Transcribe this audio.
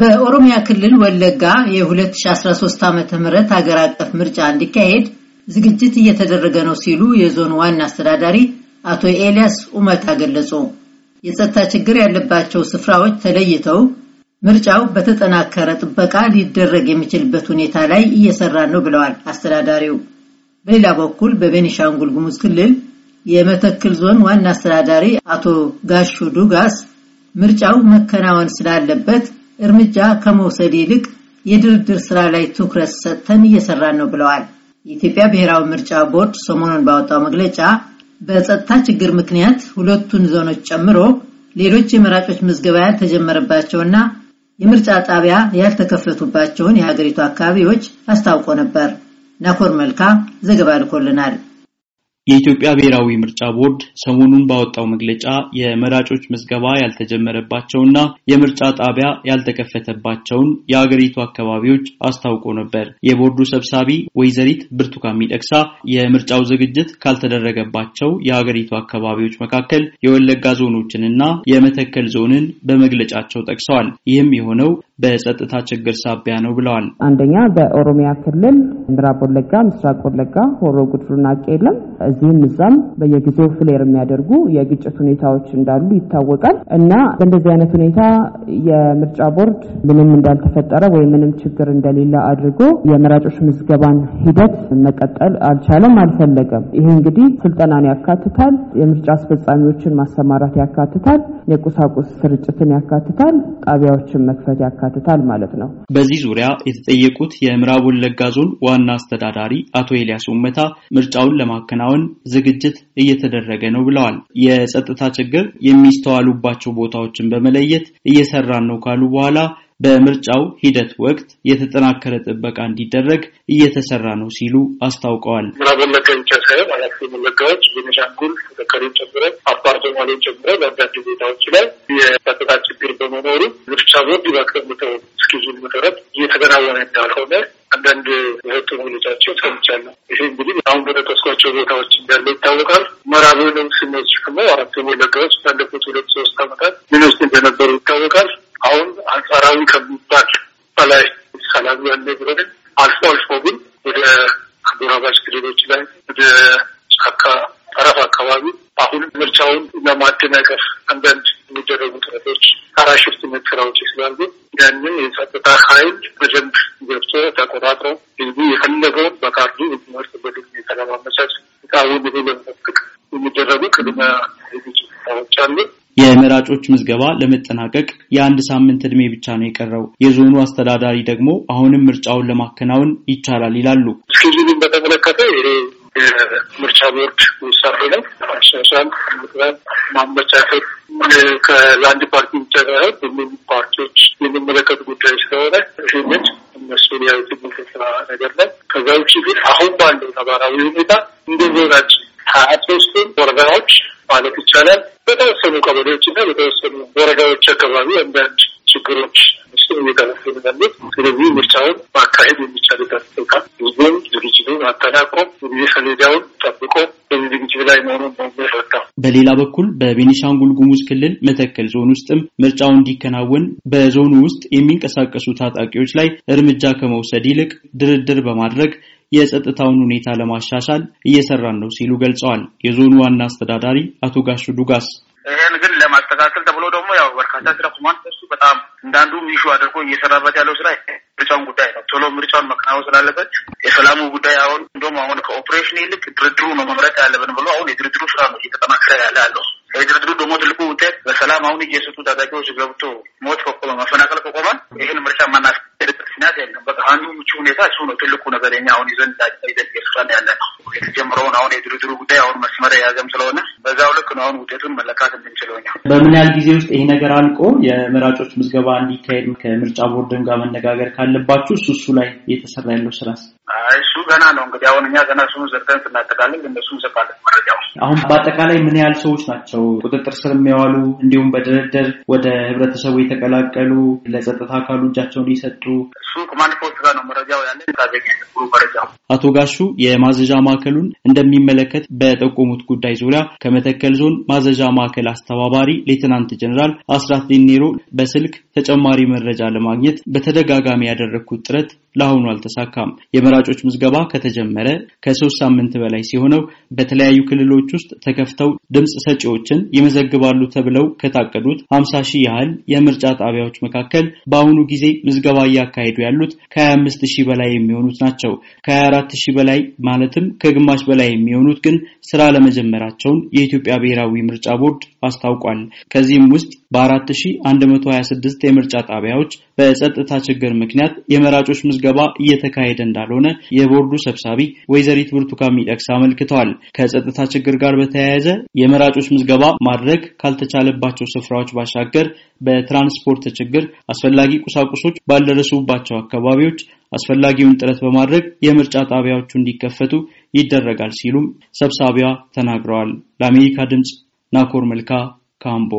በኦሮሚያ ክልል ወለጋ የ2013 ዓ ም ሀገር አቀፍ ምርጫ እንዲካሄድ ዝግጅት እየተደረገ ነው ሲሉ የዞኑ ዋና አስተዳዳሪ አቶ ኤልያስ ኡመታ ገለጹ። የጸጥታ ችግር ያለባቸው ስፍራዎች ተለይተው ምርጫው በተጠናከረ ጥበቃ ሊደረግ የሚችልበት ሁኔታ ላይ እየሰራ ነው ብለዋል አስተዳዳሪው። በሌላ በኩል በቤኒሻንጉል ጉሙዝ ክልል የመተክል ዞን ዋና አስተዳዳሪ አቶ ጋሹ ዱጋስ ምርጫው መከናወን ስላለበት እርምጃ ከመውሰድ ይልቅ የድርድር ስራ ላይ ትኩረት ሰጥተን እየሰራን ነው ብለዋል። የኢትዮጵያ ብሔራዊ ምርጫ ቦርድ ሰሞኑን ባወጣው መግለጫ በጸጥታ ችግር ምክንያት ሁለቱን ዞኖች ጨምሮ ሌሎች የመራጮች ምዝገባ ያልተጀመረባቸውና የምርጫ ጣቢያ ያልተከፈቱባቸውን የሀገሪቱ አካባቢዎች አስታውቆ ነበር። ናኮር መልካ ዘገባ ልኮልናል። የኢትዮጵያ ብሔራዊ ምርጫ ቦርድ ሰሞኑን ባወጣው መግለጫ የመራጮች ምዝገባ ያልተጀመረባቸውና የምርጫ ጣቢያ ያልተከፈተባቸውን የአገሪቱ አካባቢዎች አስታውቆ ነበር። የቦርዱ ሰብሳቢ ወይዘሪት ብርቱካን ሚደቅሳ የምርጫው ዝግጅት ካልተደረገባቸው የአገሪቱ አካባቢዎች መካከል የወለጋ ዞኖችንና የመተከል ዞንን በመግለጫቸው ጠቅሰዋል። ይህም የሆነው በጸጥታ ችግር ሳቢያ ነው ብለዋል። አንደኛ በኦሮሚያ ክልል ምዕራብ ወለጋ፣ ምስራቅ ወለጋ፣ ሆሮ ጉድሩና ቄለም እዚህም እዛም በየጊዜው ፍሌር የሚያደርጉ የግጭት ሁኔታዎች እንዳሉ ይታወቃል እና በእንደዚህ አይነት ሁኔታ የምርጫ ቦርድ ምንም እንዳልተፈጠረ ወይም ምንም ችግር እንደሌለ አድርጎ የመራጮች ምዝገባን ሂደት መቀጠል አልቻለም፣ አልፈለገም። ይህ እንግዲህ ስልጠናን ያካትታል፣ የምርጫ አስፈጻሚዎችን ማሰማራት ያካትታል፣ የቁሳቁስ ስርጭትን ያካትታል፣ ጣቢያዎችን መክፈት ያካትታል ያካትታል ማለት ነው። በዚህ ዙሪያ የተጠየቁት የምዕራብ ወለጋ ዞን ዋና አስተዳዳሪ አቶ ኤልያስ ውመታ ምርጫውን ለማከናወን ዝግጅት እየተደረገ ነው ብለዋል። የጸጥታ ችግር የሚስተዋሉባቸው ቦታዎችን በመለየት እየሰራን ነው ካሉ በኋላ በምርጫው ሂደት ወቅት የተጠናከረ ጥበቃ እንዲደረግ እየተሰራ ነው ሲሉ አስታውቀዋል። ምዕራብ ወለጋ ብቻ ሳይሆን አራት ወለጋዎች ቤኒሻንጉል ተከሬን ጨምረ አፋር ሶማሌን ጨምረ በአንዳንድ ቦታዎች ላይ የጸጥታ ችግር በመኖሩ ምርጫ ቦርድ ባቀምጠው እስኪዙል መሰረት እየተከናወነ እንዳልሆነ አንዳንድ መግለጫቸው ሰምቻለሁ። ይሄ እንግዲህ አሁን ቦታዎች እንዳለ ይታወቃል። አራት ወለጋዎች ባለፉት ሁለት ሶስት ምን ውስጥ እንደነበሩ አንጻራዊ ከሚባል በላይ ሰላም ያለ ቢሆንም አልፎ አልፎ ግን ወደ አጎራባች ክልሎች ላይ ወደ ጫካ ጠረፍ አካባቢ አሁን ምርጫውን ለማደናቀፍ አንዳንድ የሚደረጉ ጥረቶች፣ ሸራ ሽፍት ስላሉ ያንን የጸጥታ የመራጮች ምዝገባ ለመጠናቀቅ የአንድ ሳምንት እድሜ ብቻ ነው የቀረው። የዞኑ አስተዳዳሪ ደግሞ አሁንም ምርጫውን ለማከናወን ይቻላል ይላሉ። እስኪሉንም በተመለከተ የምርጫ ቦርድ ውሳኔ ነው አሻሻል ማመቻቸት ከአንድ ፓርቲ ብቻ ሳይሆን ሁሉም ፓርቲዎች የሚመለከት ጉዳይ ስለሆነ ይህንን እነሱ ሊያዩት የሚገባ ነገር ላይ ከዛ ውጭ ግን አሁን ባለው ነባራዊ ሁኔታ እንደ ዞናችን ሀያ ሶስቱ ወረዳዎች ማለት ይቻላል በተወሰኑ ቀበሌዎች እና በተወሰኑ ወረዳዎች አካባቢ አንዳንድ ችግሮች እሱም እየተነሱ ያሉት። ስለዚህ ምርጫውን ማካሄድ የሚቻልበት ቦታ ህዝቡም ዝግጅቱን አጠናቆ ጊዜ ሰሌዳውን ጠብቆ በዝግጅት ላይ መሆኑን ነው። በሌላ በኩል በቤኒሻንጉል ጉሙዝ ክልል መተከል ዞን ውስጥም ምርጫው እንዲከናወን በዞኑ ውስጥ የሚንቀሳቀሱ ታጣቂዎች ላይ እርምጃ ከመውሰድ ይልቅ ድርድር በማድረግ የጸጥታውን ሁኔታ ለማሻሻል እየሰራን ነው ሲሉ ገልጸዋል። የዞኑ ዋና አስተዳዳሪ አቶ ጋሹ ዱጋስ ይህን ግን ለማስተካከል ተብሎ ደግሞ ያው በርካታ ስራ ቁሟል። እሱ በጣም እንዳንዱ ኢሹ አድርጎ እየሰራበት ያለው ስራ ምርጫውን ጉዳይ ነው። ቶሎ ምርጫውን መከናወን ስላለበት የሰላሙ ጉዳይ አሁን እንደውም አሁን ከኦፕሬሽን ይልቅ ድርድሩ ነው መምረጥ ያለብን ብሎ አሁን የድርድሩ ስራ ነው እየተጠናከረ ያለ ያለው። የድርድሩ ደግሞ ትልቁ ውጤት በሰላም አሁን እየሰጡ ታጣቂዎች ገብቶ ሞት ከቆመ መፈናቀል ከቆመ ይህን ምርጫ ማናስ ምክንያት የለም። ሁኔታ እሱ ነው ትልቁ ነገር። ኛ አሁን ይዘን ይዘን እየሰራን ያለ ነው የተጀምረውን አሁን የድርድሩ ጉዳይ አሁን መስመር የያዘም ስለሆነ በዛው ልክ ነው አሁን ውጤቱን መለካት የምንችለው ኛ በምን ያህል ጊዜ ውስጥ ይሄ ነገር አልቆ የመራጮች ምዝገባ እንዲካሄድ ከምርጫ ቦርድን ጋር መነጋገር ካለባችሁ እሱ እሱ ላይ እየተሰራ ያለው ስራስ? እሱ ገና ነው እንግዲህ አሁን እኛ ገና እሱን ዘርተን ስናጠቃለን እነሱ እንሰጣለን መረጃው። አሁን በአጠቃላይ ምን ያህል ሰዎች ናቸው ቁጥጥር ስር የሚያዋሉ እንዲሁም በድርድር ወደ ህብረተሰቡ የተቀላቀሉ ለጸጥታ አካሉ እጃቸውን ይሰጡ እሱ ኮማንድ ነው መረጃው ያለን ታገኛለን ሙሉ መረጃው። አቶ ጋሹ የማዘዣ ማዕከሉን እንደሚመለከት በጠቆሙት ጉዳይ ዙሪያ ከመተከል ዞን ማዘዣ ማዕከል አስተባባሪ ሌትናንት ጀኔራል አስራት ዲኔሮ በስልክ ተጨማሪ መረጃ ለማግኘት በተደጋጋሚ ያደረግኩት ጥረት ለአሁኑ አልተሳካም። የመራጮች ምዝገባ ከተጀመረ ከሶስት ሳምንት በላይ ሲሆነው በተለያዩ ክልሎች ውስጥ ተከፍተው ድምፅ ሰጪዎችን ይመዘግባሉ ተብለው ከታቀዱት ሀምሳ ሺህ ያህል የምርጫ ጣቢያዎች መካከል በአሁኑ ጊዜ ምዝገባ እያካሄዱ ያሉት ከ25 ሺህ በላይ የሚሆኑት ናቸው። ከ24 ሺህ በላይ ማለትም ከግማሽ በላይ የሚሆኑት ግን ስራ ለመጀመራቸውን የኢትዮጵያ ብሔራዊ ምርጫ ቦርድ አስታውቋል። ከዚህም ውስጥ በ4126 የምርጫ ጣቢያዎች በጸጥታ ችግር ምክንያት የመራጮች ምዝገባ እየተካሄደ እንዳልሆነ የቦርዱ ሰብሳቢ ወይዘሪት ብርቱካን ሚደቅሳ አመልክተዋል። ከጸጥታ ችግር ጋር በተያያዘ የመራጮች ምዝገባ ማድረግ ካልተቻለባቸው ስፍራዎች ባሻገር በትራንስፖርት ችግር አስፈላጊ ቁሳቁሶች ባልደረሱባቸው አካባቢዎች አስፈላጊውን ጥረት በማድረግ የምርጫ ጣቢያዎቹ እንዲከፈቱ ይደረጋል ሲሉም ሰብሳቢዋ ተናግረዋል። ለአሜሪካ ድምፅ ናኮር መልካ ካምቦ